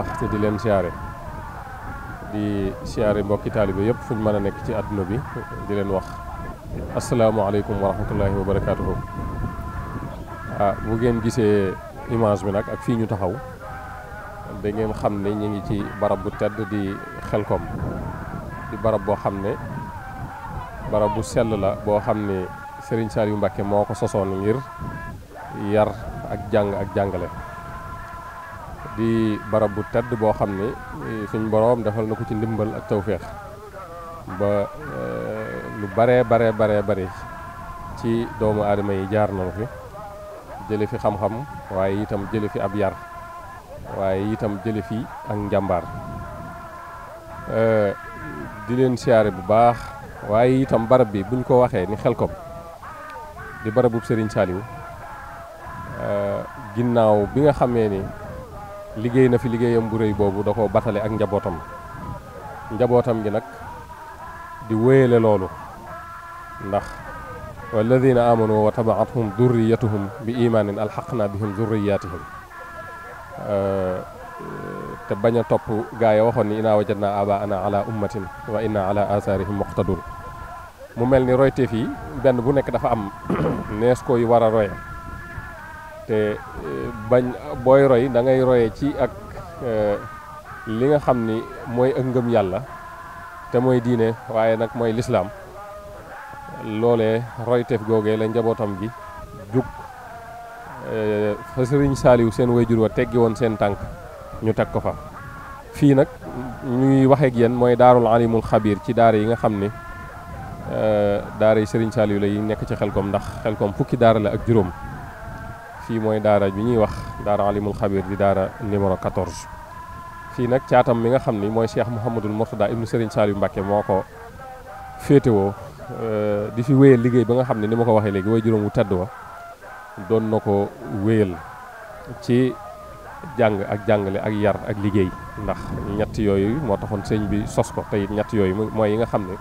baax te di leen siyaare di siyaare mbokki taalibe yëpp fu ñu mën a nekk ci àdduna bi di leen wax asalaamaaleykum wa rahmatullahi wa barakaatuhu ah bu ngeen gisee image bi nag ak fii ñu taxaw da ngeen xam ni ñu ngi ci barab bu tedd di xelkom di barab boo xam ne barab bu sell la boo xam ne Serigne Saliou mbakke moo ko sosoon ngir yar ak jàng ak jàngale di barab bu tedd boo xam ne eh, suñ boroom defal na ko ci ndimbal ak tawféex ba eh, lu baree baree baree bare ci doomu aadama yi jaar nañu fi jële fi xam-xam waaye itam jële fi ab yar waaye itam jële fi ak njàmbaar eh, di leen siyaare bu baax waaye itam barab bi buñ ko waxee ni Xelcom di barabub Serigne Saliou ginnaaw bi nga xamee ni liggéey na fi liggéeyam bu rëy boobu da koo ak njabootam njabootam gi nag di wéyale loolu ndax walladina amanu wa tabaatuhum durriyatuhum bi imaanin alxaqna bihim durriyatihim te bañ a topp gaa yi waxoon ni inaa wajadna aba ana ala ummatin wa inna ala athaarihim muqtadun mu mel ni royteef yi benn bu nekk dafa am nees koy war a roye te eh, bañ booy roy da ngay royee ci ak eh, li nga xam ni mooy ak ngëm yàlla te mooy diine waaye nag mooy lislaam loolee royteef googee la njabootam bi jug eh, fa sëriñ saaliw seen wayjur wa teggi woon seen tànk ñu teg ko fa fii nag ñuy waxeek yéen mooy daarul alimul xabiir ci daara yi nga xam ni daara yi sëriñ saaliw la yi nekk ci xelkom ndax xelkom fukki daara la ak juróom fii mooy daara bi ñuy wax daara alimul xabir di daara numéro 14 fii nag caatam mi nga xam ni mooy cheikh mouhamadul mourtada ibnu sëriñ Saliou Mbacke moo ko féetewoo euh, di fi wéyal liggéey ba nga xam ne ni ma ko waxee léegi way juróom wu tedd wa doon na ko wéyal ci jàng ak jàngale ak yar ak liggéey ndax ñett yooyu moo taxoon sëñ bi sos ko tey ñett yooyu mooy yi nga xam ne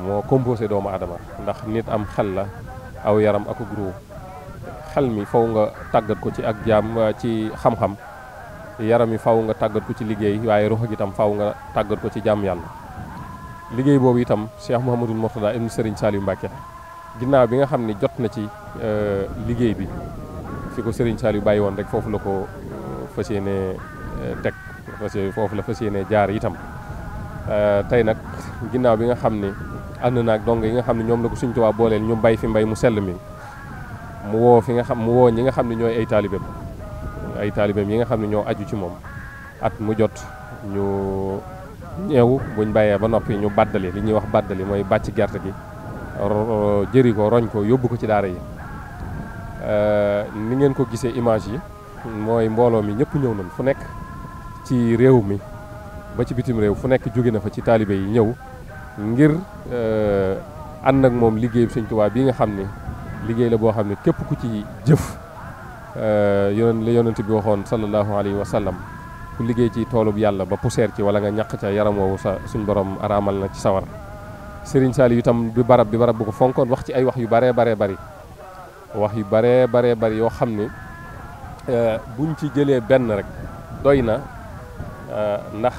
moo composé doomu aadama ndax nit am xel la aw yaram ak xel mi faw nga tàggat ko ci ak jaam uh, ci xam-xam yaram mi faw nga tàggat ko ci liggéey waaye ruux gi tam faw nga tàggat ko ci jaam yàlla liggéey boobu itam Cheikh Mouhamadul Mourtada ibnu Serigne Saliou Mbacke ginnaaw bi nga xam ni jot na ci uh, liggéey bi fi ko Serigne Saliou bàyyi woon rek foofu la ko uh, fas yéenee teg fas foofu la fas yéenee jaar itam tey nag ginnaaw bi nga xam ne ànd naag dong yi nga xam ne ñoom la ko Sëriñ waa booleel ñu bay fi mbay mu sell mi. mu woo fi nga xam mu woo ñi nga xam ne ñooy ay taalibeem ay taalibeem yi nga xam ne ñoo aju ci moom at mu jot ñu ñeew buñ bàyyee ba noppi ñu baddali li ñuy wax baddali mooy bàcc gerte gi jëri ko roñ ko yóbbu ko ci daara yi ni ngeen ko gisee image yi mooy mbooloo mi ñëpp ñëw nañ fu nekk ci réew mi ba ci bitim réew fu nekk jóge na fa ci taalibe yi ñëw ngir ànd ak moom liggéey Sëñ Tuubaa bii nga xam ni liggéey la boo xam ne képp ku ci jëf euh, yonen li yonent bi waxoon sallallahu alayhi wa sallam ku liggéey ci toolub yàlla ba poussière ci wala nga ñàq ca yaram woowu sa suñ borom araamal na ci sawar Serigne Saliou tam bi barab bi barab bu ko fonkoon wax ci ay wax yu baree bare bari wax yu baree baree bari yoo xam ne euh, buñ ci jëlee benn rek doy na euh, ndax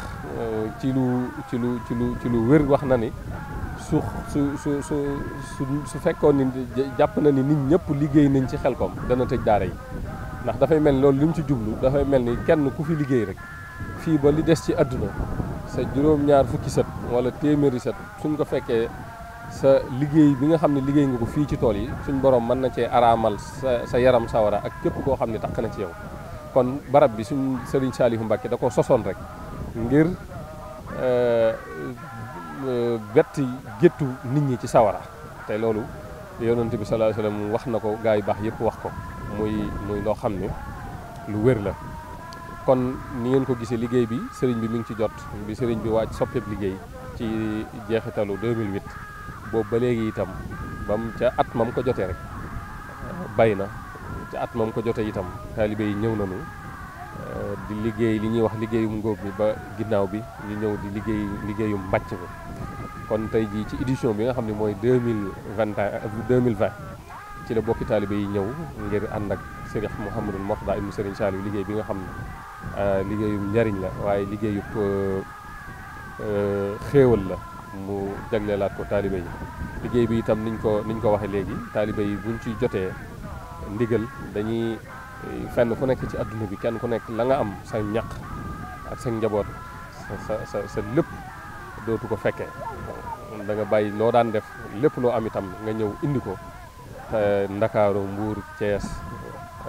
ci lu ci lu ci lu ci lu wér wax na ni su su su su su fekkoon ni jàpp na ni nit ñëpp liggéey nañ ci xelkom dana tëj daara yi ndax dafay mel ni loolu li mu ci jublu dafay mel ni kenn ku fi liggéey rek fii ba li des ci àdduna sa juróom-ñaar fukki sët wala téeméeri sët suñ ko fekkee sa liggéey bi nga xam ne liggéey nga ko fii ci tool yi suñ boroom mën na cee araamal sa sa yaram sawara ak képp koo xam ne takk na ci yow kon barab bi suñ Serigne Saliou Mbacké da ko sosoon rek euh, gàtt géttu nit ñi ci sawara te loolu yonent bi sallallahu alayhi wasallam wax na ko gaa yi baax yëpp wax ko muy muy loo xam ne lu wér la kon ni ngeen ko gisee liggéey bi sëriñ bi mi ngi ci jot bi sëriñ bi waaj soppeeb liggéey ci jeexitalu 2008 boobu ba léegi itam ba ca at mam ko jotee rek bay na ca at mam ko jotee itam taalibe yi ñëw nañu di liggéey li ñuy wax liggéeyum ngóob bi ba ginnaaw bi ñu ñëw di liggéey liggéeyum mbàcc bi kon tey jii ci édition bi nga xam ne mooy deux mille vingt deux mille vingt ci la bokki taalibe yi ñëw ngir ànd ak mu Serigne Mouhamadou Mourtada mu Serigne Saliou liggéey bi nga xam ne euh, liggéeyum njariñ la waaye liggéeyub euh, euh, xéewal la mu jagleelaat ko taalibe yi liggéey bi itam niñ ko niñ ko waxee léegi taalibe yi buñ ci jotee ndigal dañuy fenn ku nekk ci adduna bi kenn ku nekk la nga am sa ñaq ak sa njaboot sa sa sa lépp dootu ko fekke da nga bàyyi loo daan def lépp loo am itam nga ñëw indi ko Ndakaaru Mbuur Thiès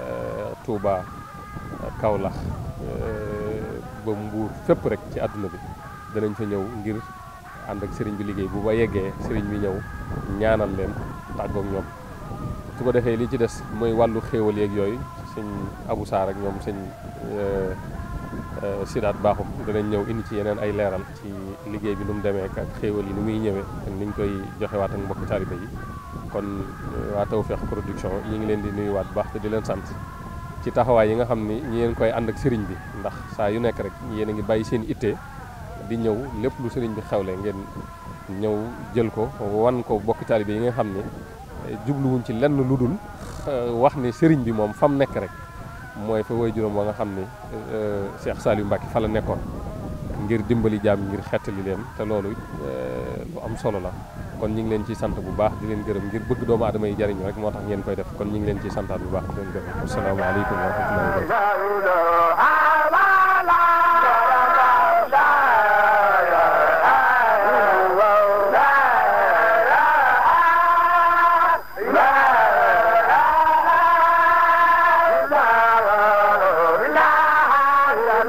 eh, tuuba eh, Kaolack eh, ba Mbuur fépp rek ci àdduna bi danañ fa ñëw ngir ànd ak sëriñ bi liggéey bu ba yeggee sëriñ bi ñëw ñaanal leen tàggoog ñoom su ko defee li ci des mooy wàllu xéewal yeeg yooyu sëñ Abou Sarr ak ñoom sëñ Euh, Sidaat baaxum danañ ñëw indi ci yeneen ay leeral ci liggéey bi nu mu demee ak xéewal yi ni muy ñëwee ak niñ koy joxewaat ak mbokki taalibe yi kon euh, waa Tawfekh Production ñi ngi leen di nuyuwaat bu baax te sant ci taxawaay yi nga xam ni ñi ngeen koy ànd ak sëriñ bi ndax saa yu nekk rek yéen a ngi bàyyi seen ittee di ñëw lépp lu sëriñ bi xewle ngeen ñëw jël ko wan ko bokki taalibe yi nga xam ni jubluwuñ ci lenn lu dul euh, wax ni sëriñ bi moom fam nekk rek mooy fa way juróom wa nga xam ni euh, Cheikh Saliou Mbacke fa la nekkoon ngir dimbali jaam ngir xettali leen te loolu euh, lu am solo la kon ñu ngi leen ci sant bu baax di leen gërëm ngir bëgg doomu adama yi jariñu rek moo tax ngeen koy def kon ñu ngi leen ciy santaat bu baax di leen gërëm asalaamaaleykum wa rahmatullahi wa barakatuh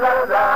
la la